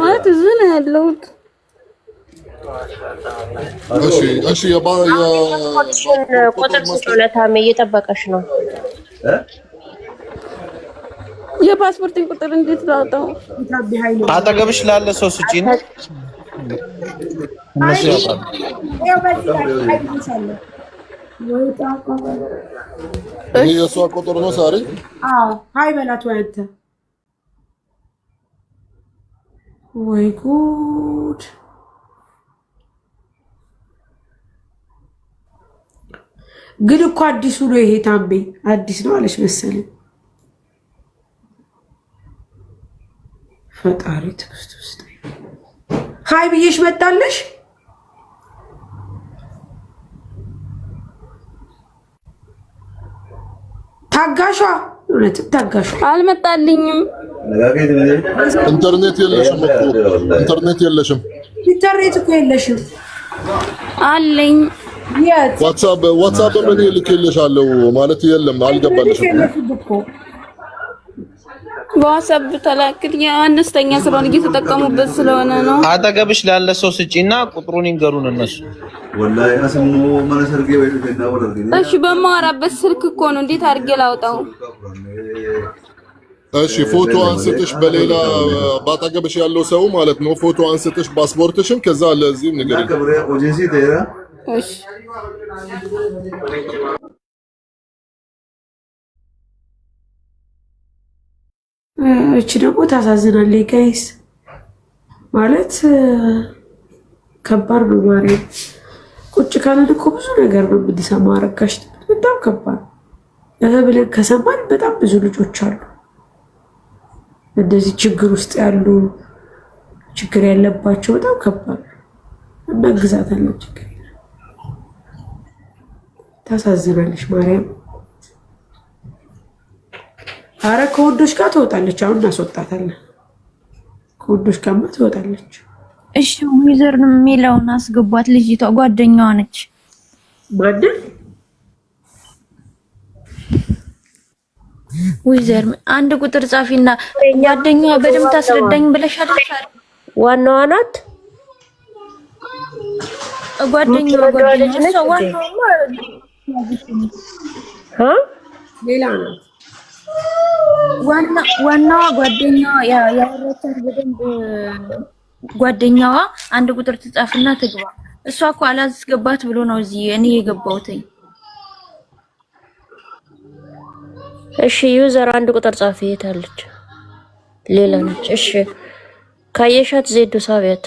ማለት እዚህ ነው ያለሁት። እሺ፣ እሺ። የባ ቁጥር ስጡ እየጠበቀሽ ነው። የፓስፖርትን ቁጥር እንዴት ላውጣው? አጠገብሽ ላለ ሰው ስጪ እነሱ ያውቃሉ። የእሷ ቁጥር ነው ሳሪ። አዎ፣ ሀይ በላት ወደ ወይ ጉድ! ግን እኮ አዲሱ ነው ይሄ ታሜ አዲስ ነው አለች መሰለኝ። ፈጣሪ ትዕግስት ውስጥ ሀይ ብዬሽ መጣለሽ። ታጋሿ እውነትም ታጋሿ አልመጣልኝም። ኢንተርኔት የለሽም እኮ ኢንተርኔት የለሽም። ኢንተርኔት እኮ የለሽም አለኝ። ዋትሳፕ ዋትሳፕ ምን ልኬልሻለሁ ማለት የለም አልገባልሽም። በዋትሳፕ ተላክል አነስተኛ ስለሆነ እየተጠቀሙበት ስለሆነ ነው። አጠገብሽ ላለ ሰው ስጪና ቁጥሩን ይንገሩን እነሱ። እሺ በማወራበት ስልክ እኮ ነው። እንዴት አድርጌ ላውጣው? እሺ ፎቶ አንስተሽ በሌላ ባጠገብሽ ያለው ሰው ማለት ነው። ፎቶ አንስተሽ ፓስፖርትሽም፣ ከዛ ለዚህም ነገር እሺ እቺ ደግሞ ታሳዝናለች ጋይስ ማለት ከባድ ነው። ማርያም ቁጭ ካለን እኮ ብዙ ነገር ነው የምንሰማ። አረጋሽ በጣም ከባድ ብለን ከሰማን በጣም ብዙ ልጆች አሉ እንደዚህ ችግር ውስጥ ያሉ ችግር ያለባቸው በጣም ከባድ እና ግዛታለን ችግር ታሳዝናለች። ማርያም አረ ከወንዶች ጋር ትወጣለች። አሁን እናስወጣታለን። ከወንዶች ጋርማ ትወጣለች። እሺ ዊዘር የሚለውን አስገቧት። ልጅቷ ጓደኛዋ ነች ማንን ዊዘር አንድ ቁጥር ጻፊና ጓደኛ በደምብ ታስረዳኝ ብለሽ አይደል? ዋናዋ ናት ጓደኛ ጓደኛ ሰው ሌላ ነው። ዋናዋ ጓደኛዋ ያወራቻት በደንብ ጓደኛዋ አንድ ቁጥር ትጻፍና ትግባ። እሷ እኮ አላስገባት ብሎ ነው እዚህ እኔ የገባሁትኝ። እሺ ዩዘር አንድ ቁጥር ጻፊ የታለች? ሌላ ነች። እሺ ካየሻት ዜዱ ሳቢያት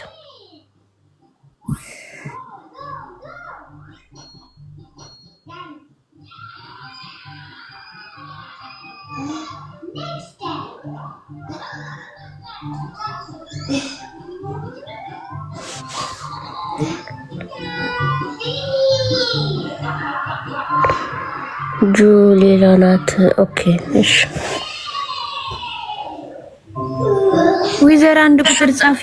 ጁ ሌላ ናት። ኦኬ እሺ። ወይዘር አንድ ቁጥር ጻፊ።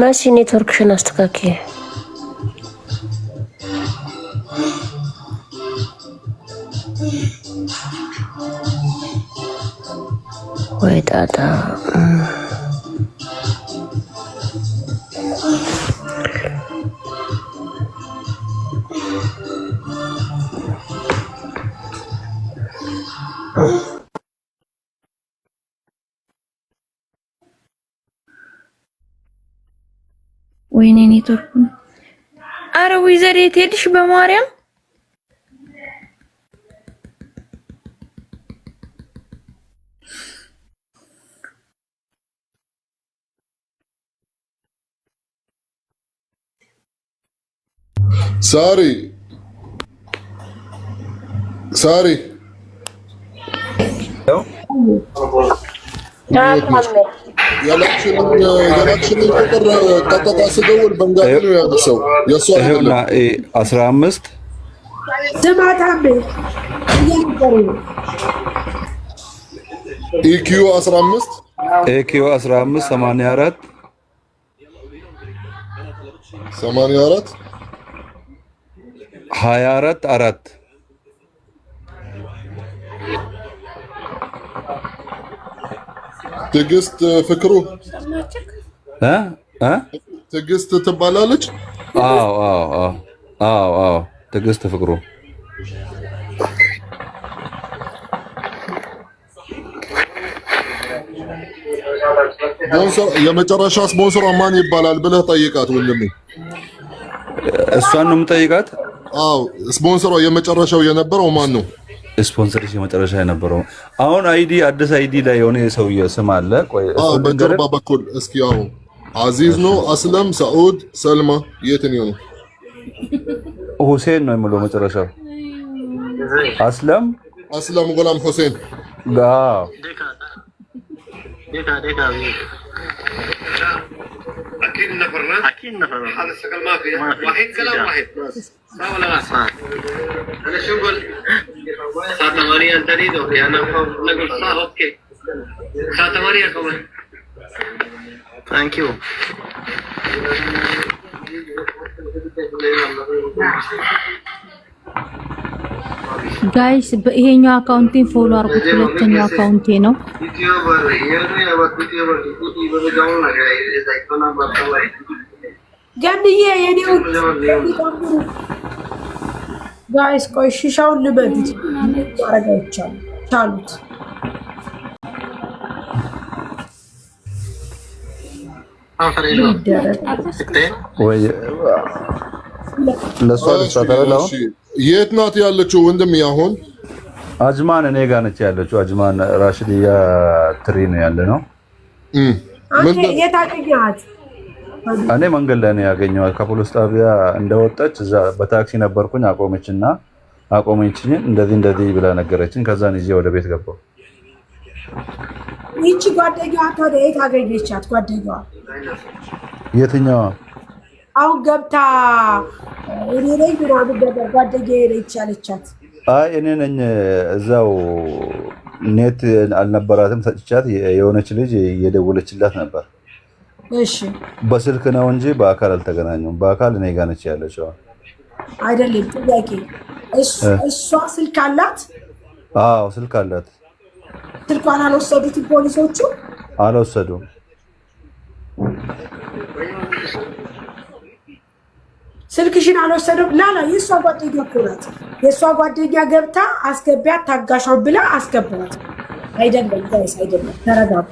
መሲ ኔትወርክሽን አስተካክዬ ዳጣ ወይኔ ኔትወርኩን አረ፣ ወይዘር የት ሄድሽ በማርያም ሳሪ சாரி አስራ አምስት ሰማንያ አራት ሀያ አራት አራት ትዕግስት ፍቅሩ ትዕግስት ትባላለች። ትዕግስት ፍቅሩ የመጨረሻ ስፖንሰሯ ማን ይባላል ብለህ ጠይቃት። ወንድሜ እሷን ነው የምጠይቃት። አዎ ስፖንሰሯ የመጨረሻው የነበረው ማን ነው? ስፖንሰር የመጨረሻ የነበረው አሁን አይዲ አዲስ አይዲ ላይ የሆነ ሰውዬ ስም አለ። በጀርባ በኩል እስኪ አሁን አዚዝ ነው፣ አስለም፣ ሰዑድ፣ ሰልማ የትኛው ነው? ሁሴን ነው የምለው መጨረሻው። አስለም አስለም፣ ጎላም ሁሴን ጋ اكيد نفرنا اكيد نفرنا هذا الشغل ما فيه واحد كلام واحد صح ولا لا؟ صح انا شو قلت؟ الساعه 8 انت تريده انا قلت صح اوكي الساعه 8 كمان ثانك يو Thank you. نعم. ጋይስ ይሄኛው አካውንቴ ፎሎ አድርጉት። ሁለተኛው አካውንቴ ነው። ጀንዬ የኔው ጋይስ ቆይ ሽሻውን ልበዱት አረጋይቻሉ ቻሉት ወይ ለእሷ ልሷ ተበላሁ የት ናት ያለችው? ወንድም አሁን አጅማን እኔ ጋር ነች ያለችው። አጅማን ራሽድያ ትሪ ነው ያለ ነው። እኔ መንገድ ላይ ነው ያገኘኋት። ከፖሊስ ጣቢያ እንደወጣች እዛ በታክሲ ነበርኩኝ። አቆመችና አቆመችኝ። እንደዚህ እንደዚህ ብላ ነገረችኝ። ከዛን ይዤ ወደ ቤት ገባሁ። ይቺ ጓደኛዋ ታዲያ የት አገኘቻት? ጓደኛዋ የትኛዋ አሁን ገብታ እኔ ነኝ ምናምን ገባ ጓደኛዬ ነች አለቻት። አይ እኔ ነኝ እዛው ኔት አልነበራትም ሰጭቻት የሆነች ልጅ እየደወለችላት ነበር። እሺ በስልክ ነው እንጂ በአካል አልተገናኙም። በአካል እኔ ጋር ነች ያለችው። አይደለም ጥያቄ፣ እሷ ስልክ አላት? አዎ ስልክ አላት። ስልኳን አልወሰዱትም ፖሊሶቹ? አልወሰዱም። ስልክሽን አልወሰደም ላላ የእሷ ጓደኛ እኮ ናት። የእሷ ጓደኛ ገብታ አስገቢያት ታጋሻው ብላ አስገባት። አይደለም ጋይስ አይደለም፣ ተረጋጉ።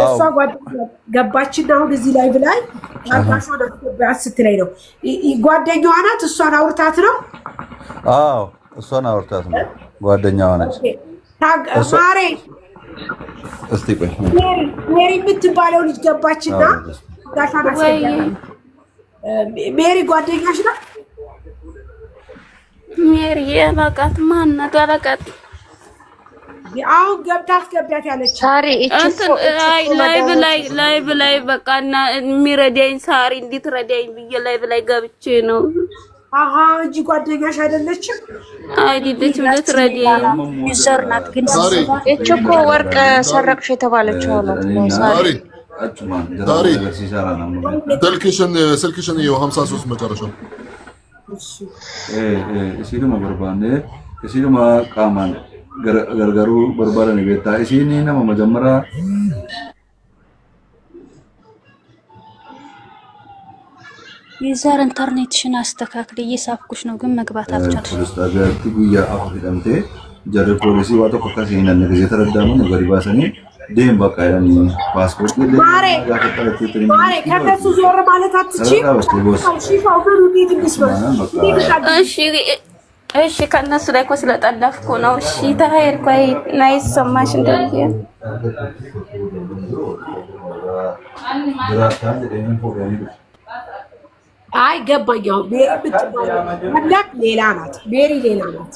የእሷ ጓደኛ ገባችና አሁን እዚህ ላይ ብላይ ታጋሿን አስገቢያት ስትለኝ ነው። ጓደኛዋ ናት። እሷን አውርታት ነው። አዎ እሷን አውርታት ነው። ጓደኛዋ ነች። ማሬ ሜሪ የምትባለው ልጅ ገባችና ታጋሿን አስገቢያት ሜሪ ጓደኛሽ ነው ሜሪ የበቃት ማናት? አሁን ያለች ሳሪ ላይቭ ላይ ላይቭ ላይ የሚረዳኝ ሳሪ ብዬ ላይቭ ላይ ገብቼ ነው። አሀ እንጂ ጓደኛሽ አይደለችም። አይዲደች ምለት ዩዘር ናት። ግን እች እኮ ወርቅ ሰረቅሽ የተባለችው ነው ሳሪ ስልክሽን ስልክሽን ይኸው 53 መጨረሻ እሲዱማ በርባን እሲዱማ ቃማን ገርገሩ በርባረን ቤታ እሲኒ ነመ መጀመራ የዛር ኢንተርኔትሽን አስተካክል እየሳፍኩሽ ነው፣ ግን መግባት አልቻልሽ። ጉያ አሁ ሂደምቴ ጀሪ ፖሊሲ ዋጠ ነን ጊዜ ተረዳምን ገሪባሰኔ ደም በቃ ፓስፖርት ዞር ማለት እሺ ከነሱ ላይ እኮ ስለጠለፍኩ ነው። እሺ ናይስ ሰማሽ አይ ገባኝ። አሁን ሌላ ናት፣ ቤሪ ሌላ ናት።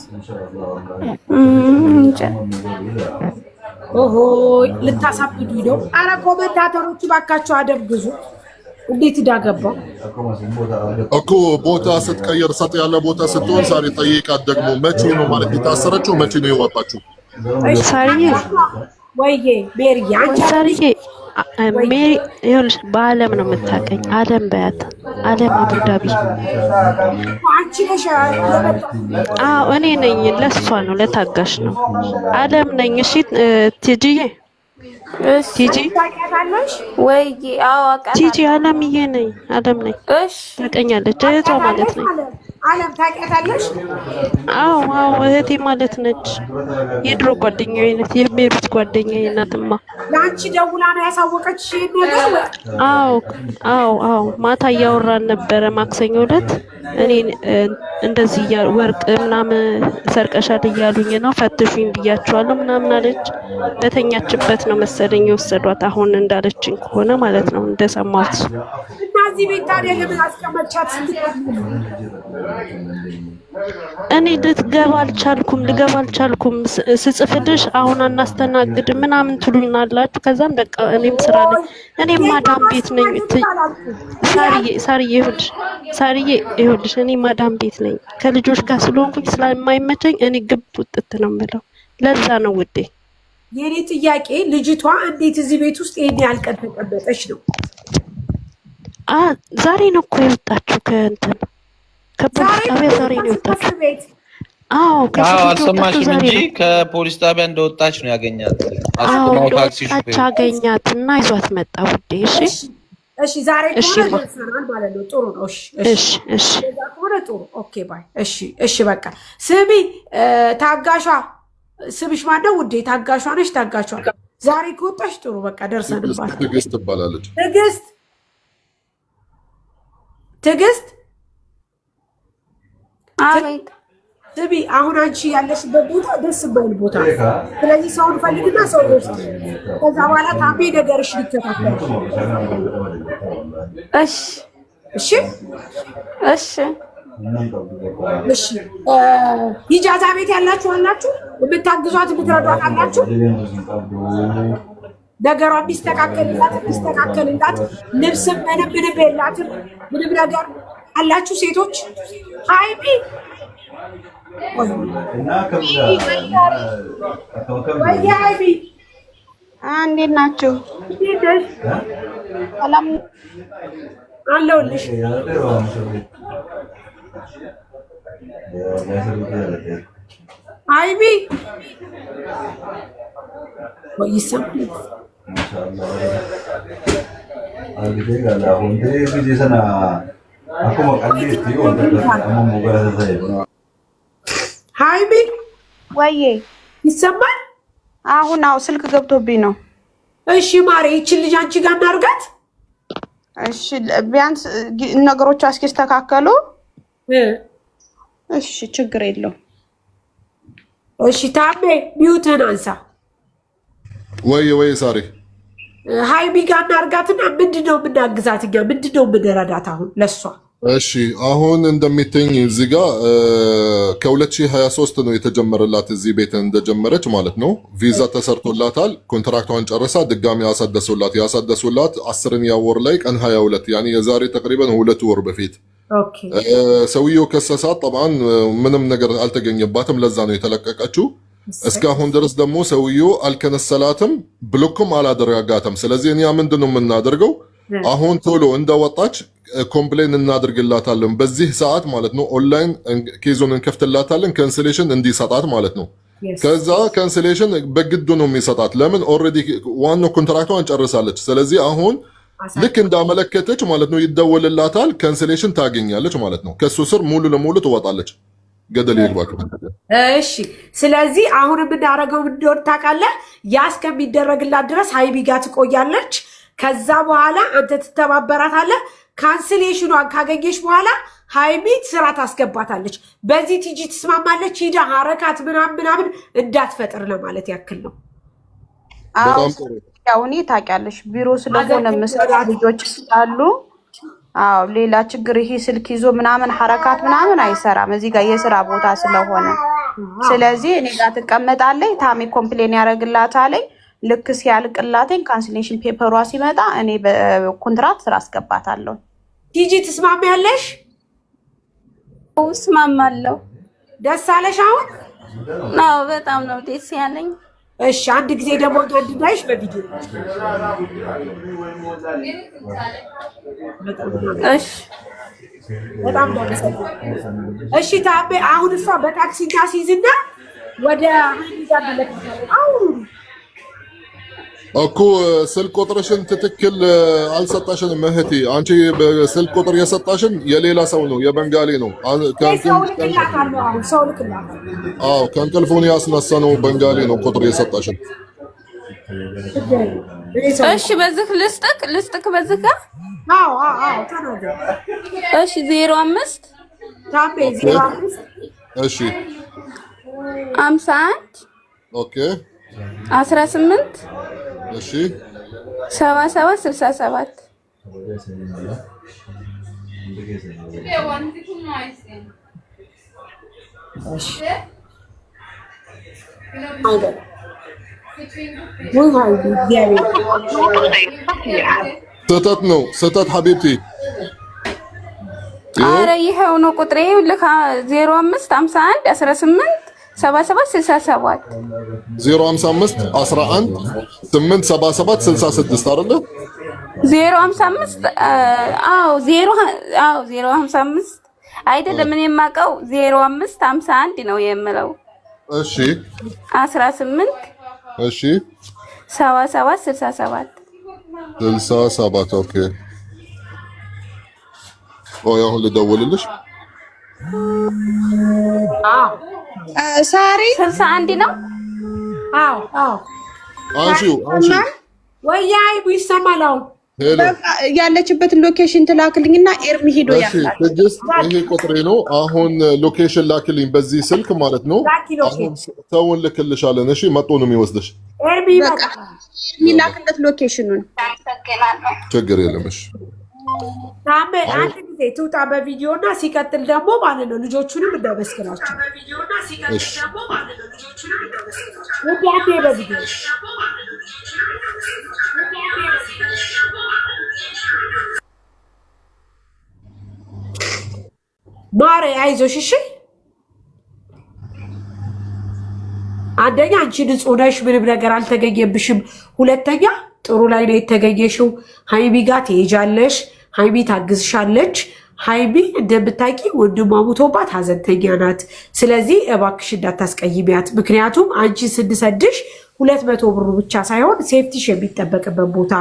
ኦሆ ልታሳብዱ ነው። አረ ኮመንታተሮቹ ባካቸው አደብ እንዴት እዳገባ እኮ ቦታ ስትቀየር ሰጥ ያለ ቦታ ስትሆን ሳሪ ጠይቃት። ደግሞ መቼ ነው ማለት የታሰረችው? መቼ ነው የወጣችው? ወይዬ ሜሪዬ ሳሪዬ ሜሪ ይኸውልሽ፣ በአለም ነው የምታቀኝ። አለም በያት አለም አቡዳቢ አዎ እኔ ነኝ። ለእሷ ነው ለታጋሽ ነው አለም ነኝ። እሺ ቲጂዬ፣ ቲጂ ወይ አዎ ቲጂ፣ አለምዬ ነኝ። አለም ነኝ ታውቀኛለች፣ እህቷ ማለት ነኝ። አለም ታውቂያታለሽ? አዎ አዎ፣ እህቴ ማለት ነች። የድሮ ጓደኛዬ አይነት የሜሮት ጓደኛዬ ናትማ። ለአንቺ ደውላ ነው ያሳወቀች ነገር? አዎ አዎ አዎ፣ ማታ እያወራን ነበረ ማክሰኞ ዕለት። እኔ እንደዚህ ወርቅ ምናምን ሰርቀሻል እያሉኝ ነው ፈትሹኝ ብያቸዋለሁ ምናምን አለች። በተኛችበት ነው መሰለኝ የወሰዷት፣ አሁን እንዳለችኝ ከሆነ ማለት ነው እንደሰማሁት እዚህ ቤት ታዲያ ለምን አስቀመጫት? እኔ ልትገባ አልቻልኩም፣ ልገባ አልቻልኩም ስጽፍልሽ አሁን አናስተናግድ ምናምን ትሉናላችሁ። ከዛም በቃ እኔም ስራ ነኝ፣ እኔ ማዳም ቤት ነኝ። ሳርዬ ሳርዬ ይኸውልሽ፣ ሳርዬ ይኸውልሽ፣ እኔ ማዳም ቤት ነኝ። ከልጆች ጋር ስለሆንኩኝ ስለማይመቸኝ እኔ ግብ ውጥት ነው የምለው። ለዛ ነው ውዴ። የእኔ ጥያቄ ልጅቷ እንዴት እዚህ ቤት ውስጥ ይሄን ያህል ቀን ነው ዛሬ ነው እኮ የወጣችሁ ከእንትን ከፖሊስ ጣቢያ ዛሬ ነው የወጣችሁ። አዎ አልሰማሽም እንጂ ከፖሊስ ጣቢያ እንደወጣች ነው ያገኛት። አስማታክሲሽ አገኛት እና ይዟት መጣ ውዴ። እሺ እሺ፣ ዛሬ ማለት ነው። ጥሩ ነው። እሺ እሺ እሺ፣ ከሆነ ጥሩ ኦኬ፣ ባይ። እሺ እሺ፣ በቃ ስቢ። ታጋሿ ስብሽ ማነው ውዴ? ታጋሿ ነሽ። ታጋሿ ዛሬ ከወጣሽ ጥሩ፣ በቃ ደርሰንባት። ትዕግስት ትባላለች። ትዕግስት ትዕግስት ስሚ፣ አሁን አንቺ ያለሽበት ቦታ ደስ የማይል ቦታ፣ ስለዚህ ሰውን ፈልግና ሰው ወስድ። ከዛ በኋላ ታሜ ነገርሽ ሊከታተል እሺ፣ እሺ፣ እሺ፣ እሺ። ኢጃዛ ቤት ያላችሁ አላችሁ፣ የምታግዟት የምትረዷት አላችሁ። ነገሯ የሚስተካከልላት የሚስተካከልላት ልብስም ምንም ምንም የላትም። ምንም ነገር አላችሁ ሴቶች ሀይሚ ወይ ሀይሚ እንዴት ናችሁ? ሰላም አለሁልሽ። ሀይሚ ወይ ይሰማል ሀይሚ biji ወይዬ ይሰማል። አሁን አዎ፣ ስልክ ገብቶብኝ ነው። እሺ ማሬ፣ ይችን ልጅ አንቺ ጋር እናድርጋት። እሺ ቢያንስ ነገሮቹ እስኪስተካከሉ እሺ፣ ችግር የለውም። እሺ ታሜ ሚዩትን አንሳ። ወይ ወይ ሳሪ ሀይሚ ጋር እናድርጋትና ምንድነው ነው የምናግዛት እኛ? ምንድነው የምንረዳት አሁን ለሷ እሺ አሁን እንደሚትኝ እዚህ ጋ ከ2023 ነው የተጀመረላት እዚህ ቤት እንደጀመረች ማለት ነው። ቪዛ ተሰርቶላታል። ኮንትራክቷን ጨርሳ ድጋሚ ያሳደሱላት ያሳደሱላት አስረኛ ወር ላይ ቀን 22 ያኔ የዛሬ ተቅሪበን ሁለት ወር በፊት ሰውየው ከሰሳት። ጠብዓን ምንም ነገር አልተገኘባትም። ለዛ ነው የተለቀቀችው። እስካሁን ድረስ ደግሞ ሰውየው አልከነሰላትም ብሎክም አላደረጋጋትም። ስለዚህ እኛ ምንድን ነው የምናደርገው? አሁን ቶሎ እንደወጣች ኮምፕሌን እናደርግላታለን። በዚህ ሰዓት ማለት ነው ኦንላይን ኬዞን እንከፍትላታለን፣ ካንስሌሽን እንዲሰጣት ማለት ነው። ከዛ ካንስሌሽን በግዱ ነው የሚሰጣት። ለምን ኦልሬዲ ዋናው ኮንትራክቷን ጨርሳለች። ስለዚህ አሁን ልክ እንዳመለከተች ማለት ነው ይደወልላታል፣ ካንስሌሽን ታገኛለች ማለት ነው። ከሱ ስር ሙሉ ለሙሉ ትወጣለች። ገደል ይግባ። እሺ፣ ስለዚህ አሁን የምናደርገው ብንወድ ታውቃለህ። ያ እስከሚደረግላት ድረስ ሀይሚ ጋ ትቆያለች። ከዛ በኋላ አንተ ትተባበራታለህ። ካንስሌሽኗን ካገኘች በኋላ ሀይሚ ስራ ታስገባታለች። በዚህ ቲጂ ትስማማለች። ሂዳ አረካት ምናምን ምናምን እንዳትፈጥር ለማለት ያክል ነው። አሁን ታውቂያለሽ ቢሮ ስለሆነ ምስራት ልጆች ስላሉ አዎ ሌላ ችግር ይሄ ስልክ ይዞ ምናምን ሐረካት ምናምን አይሰራም እዚህ ጋር የስራ ቦታ ስለሆነ፣ ስለዚህ እኔ ጋር ትቀመጣለች። ታሜ ኮምፕሌን ያደርግላታለኝ። ልክ ሲያልቅላተኝ ካንስሌሽን ፔፐሯ ሲመጣ እኔ በኮንትራት ስራ አስገባታለሁ። ቲጂ ትስማሚያለሽ? እስማማለሁ። ደስ አለሽ? አሁን አዎ፣ በጣም ነው ደስ ያለኝ። እሺ አንድ ጊዜ ደግሞ ገድዳይሽ በቪዲዮ እሺ፣ በጣም እሺ ታቤ አሁን እሷ በታክሲ ታስይዝና ወደ አሁን እኮ ስልክ ቁጥርሽን ትክክል አልሰጣሽንም እህቴ። አንቺ ስልክ ቁጥር የሰጣሽን የሌላ ሰው ነው፣ የበንጋሊ ነው። ከእንቅልፉን ያስነሳነው ነው፣ በንጋሊ ነው ቁጥር የሰጣሽን። እሺ፣ በዚህ ልስጥክ ልስጥክ፣ በዚህ ጋር እሺ፣ ዜሮ አምስት እሺ፣ አምሳ አንድ ኦኬ፣ አስራ ስምንት እሺ ሰባ ሰባት ስልሳ ሰባት ስህተት ነው ስህተት ሐቢብቲ ኧረ ይኸው ነው ቁጥሬ ዜሮ አምስት ሀምሳ አንድ አስራ ስምንት 77 67 055 11 877 66 አይደለ? 055 አዎ፣ 0 አዎ፣ 055 አይደለም። እኔ የማውቀው 05 51 ነው የምለው። እሺ 18 እሺ 77 67 67 ኦኬ። ቆይ አሁን ልደውልልሽ። አዎ ሳሪ ስልሳ አንድ ነው። አዎ አዎ። አንሺው አንሺው ወይ ይሰማል። አሁን ያለችበትን ሎኬሽን ትላክልኝ እና ኤርሚ ሂዶ ያላል። ይሄ ቁጥሬ ነው። አሁን ሎኬሽን ላክልኝ በዚህ ስልክ ማለት ነው። ሰውን ልክልሻለን። እሺ መጥቶ ነው የሚወስድሽ። ኤርሚ ላክለት ሎኬሽኑን። ችግር የለም። እሺ አንድ ጊዜ ትውጣ በቪዲዮ እና ሲቀጥል ደግሞ ማለት ነው ልጆቹንም እንዳመስግናቸው በቪዲዮ ማሬ አይዞሽ፣ እሺ። አንደኛ አንቺ ንጹሕ ነሽ፣ ምንም ነገር አልተገኘብሽም። ሁለተኛ ጥሩ ላይ ነው የተገኘሽው። ሀይሚ ጋ ትሄጃለሽ ሀይሚ ታግዝሻለች። ሀይሚ እንደምታቂ ወንድሟ ሙቶባት ሀዘንተኛ ናት። ስለዚህ እባክሽ እንዳታስቀይሚያት። ምክንያቱም አንቺ ስንሰድሽ ሁለት መቶ ብሩ ብቻ ሳይሆን ሴፍቲሽ የሚጠበቅበት ቦታ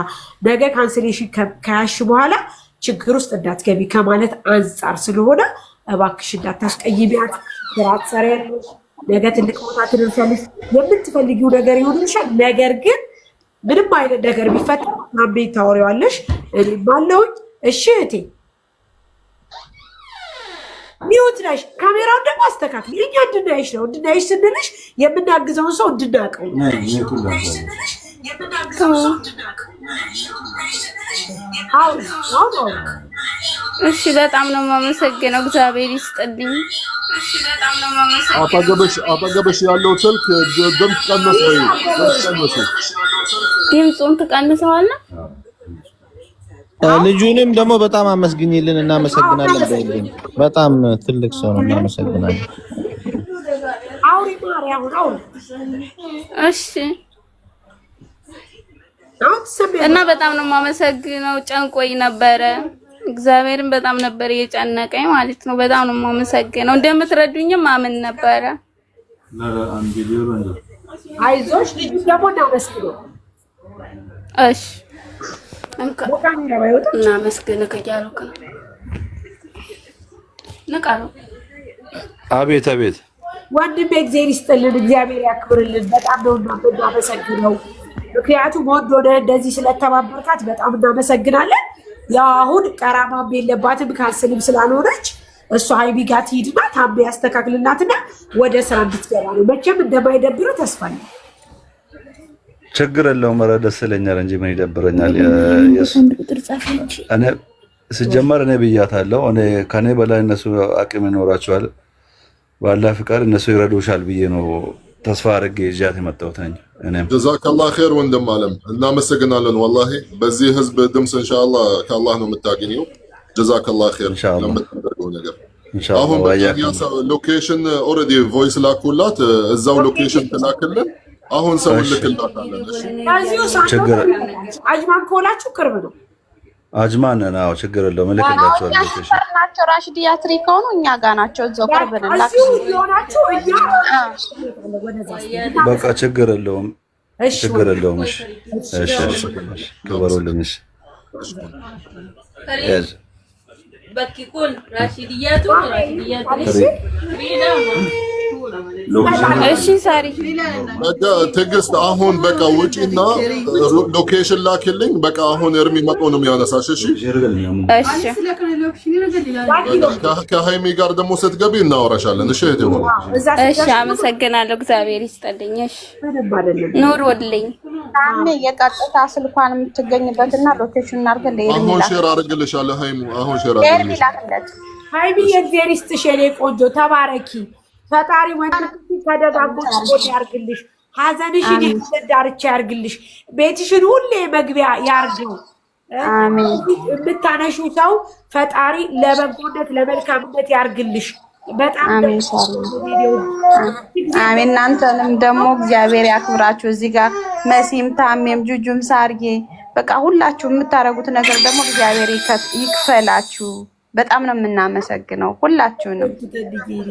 ነገ ካንስሌሽን ከያሽ በኋላ ችግር ውስጥ እንዳትገቢ ከማለት አንጻር ስለሆነ እባክሽ እንዳታስቀይሚያት። ስራ ትሰሪያለሽ፣ ነገ ትልቅ ቦታ ትደርሻለሽ፣ የምትፈልጊው ነገር ይሆንልሻል። ነገር ግን ምንም አይነት ነገር ቢፈጠር ታሜ ታወሪዋለሽ እኔ አለሁኝ እሺ እህቴ ሚውት ነሽ። ካሜራውን ደግሞ አስተካክል። እኛ እንድናይሽ ነው። እንድናይሽ ስንልሽ የምናግዘውን ሰው እንድናቀው እሺ። በጣም ነው የማመሰግነው። እግዚአብሔር ይስጥልኝ። አጠገበሽ ያለው ስልክ ድምፅ ቀነስ፣ ድምፁን ትቀንሰዋለህ ልጁንም ደግሞ በጣም አመስግኝልን። እናመሰግናለን። በእልም በጣም ትልቅ ሰው ነው። እናመሰግናለን። እሺ እና በጣም ነው የማመሰግነው። ጨንቆኝ ነበረ። እግዚአብሔርን በጣም ነበር እየጨነቀኝ ማለት ነው። በጣም ነው የማመሰግነው። እንደምትረዱኝም አምን ነበረ። አይዞሽ ልጅ ደግሞ እናመስግነው። እሺ አቤት አቤት ወንድሜ እግዚአብሔር ይስጥልን፣ እግዚአብሔር ያክብርልን። በጣም ነው እናመሰግነው። ምክንያቱም ወንድ ሆነ እንደዚህ ስለተባበርካት በጣም እናመሰግናለን። ያው አሁን ቀራማም የለባትም ካንስልም ስላልሆነች እሷ ሀይሚ ጋር ትሂድና ታሜ ያስተካክልናትና ወደ ስራ እንድትገባ ነው። መቼም እንደማይደብር ተስፋ ነው። ችግር የለውም። ኧረ ደስ ይለኛል እንጂ ምን ይደብረኛል? ስጀመር እኔ ብያታለሁ። እኔ ከኔ በላይ እነሱ አቅም ይኖራቸዋል። ባላ ፍቃድ እነሱ ይረዱሻል ብዬ ነው ተስፋ አድርጌ ይዣት የመጣሁት። ጀዛከላ ኸይር ወንድም አለም፣ እናመሰግናለን። ወላሂ በዚህ ህዝብ ድምፅ እንሻላ ከአላህ ነው የምታገኘው። ጀዛከላ ኸይር ለምታደርገው ነገር። አሁን ሎኬሽን ኦልሬዲ ቮይስ ላኩላት፣ እዛው ሎኬሽን ትላክልን አሁን ሰው ልክላታለን። ችግር አጅማ ከሆናችሁ ቅርብ ነው። አጅማ ነን። አዎ ችግር የለውም። እልክላቸዋለሁ። ራሽድ ያትሪ ከሆኑ እኛ ጋር ናቸው። እዛው ቅርብ ነን። በቃ ችግር የለውም። ችግር የለውም። እሺ ክበሩልን። እሺ በኪ ቁል ራሽድያቱ ራሽድያቱ እሺ ሳሪ ትዕግስት፣ አሁን በቃ ውጪና ሎኬሽን ላኪልኝ። በቃ አሁን እርሚ መጥቶ ነው የሚያነሳሽ። እሺ ከሀይሚ ጋር ደግሞ ስትገቢ እናወራሻለን። እሺ እህቴ ሆነ። እሺ አመሰግናለሁ። እግዚአብሔር ይስጠልኝ። እሺ ኑር ወልኝ ታሜ የቀጥታ ስልኳን የምትገኝበትና ሎኬሽን እናርገን። አሁን ሼር አድርግልሻለሁ። ሀይሚ አሁን ሼር አድርግልሻለሁ። ሀይሚ የእግዜር ይስጥሽ የኔ ቆንጆ ተባረኪ። ፈጣሪ ተደጋጎ ስቦት ያርግልሽ፣ ሀዘንሽን የመንገድ ዳርቻ ያርግልሽ፣ ቤትሽን ሁሌ መግቢያ ያርገው። የምታነሹ ሰው ፈጣሪ ለበጎነት ለመልካምነት ያርግልሽ። በጣም እናንተንም ደግሞ እግዚአብሔር ያክብራችሁ። እዚህ ጋር መሲም፣ ታሜም፣ ጁጁም ሳርጌ በቃ ሁላችሁ የምታደርጉት ነገር ደግሞ እግዚአብሔር ይክፈላችሁ። በጣም ነው የምናመሰግነው ሁላችሁንም።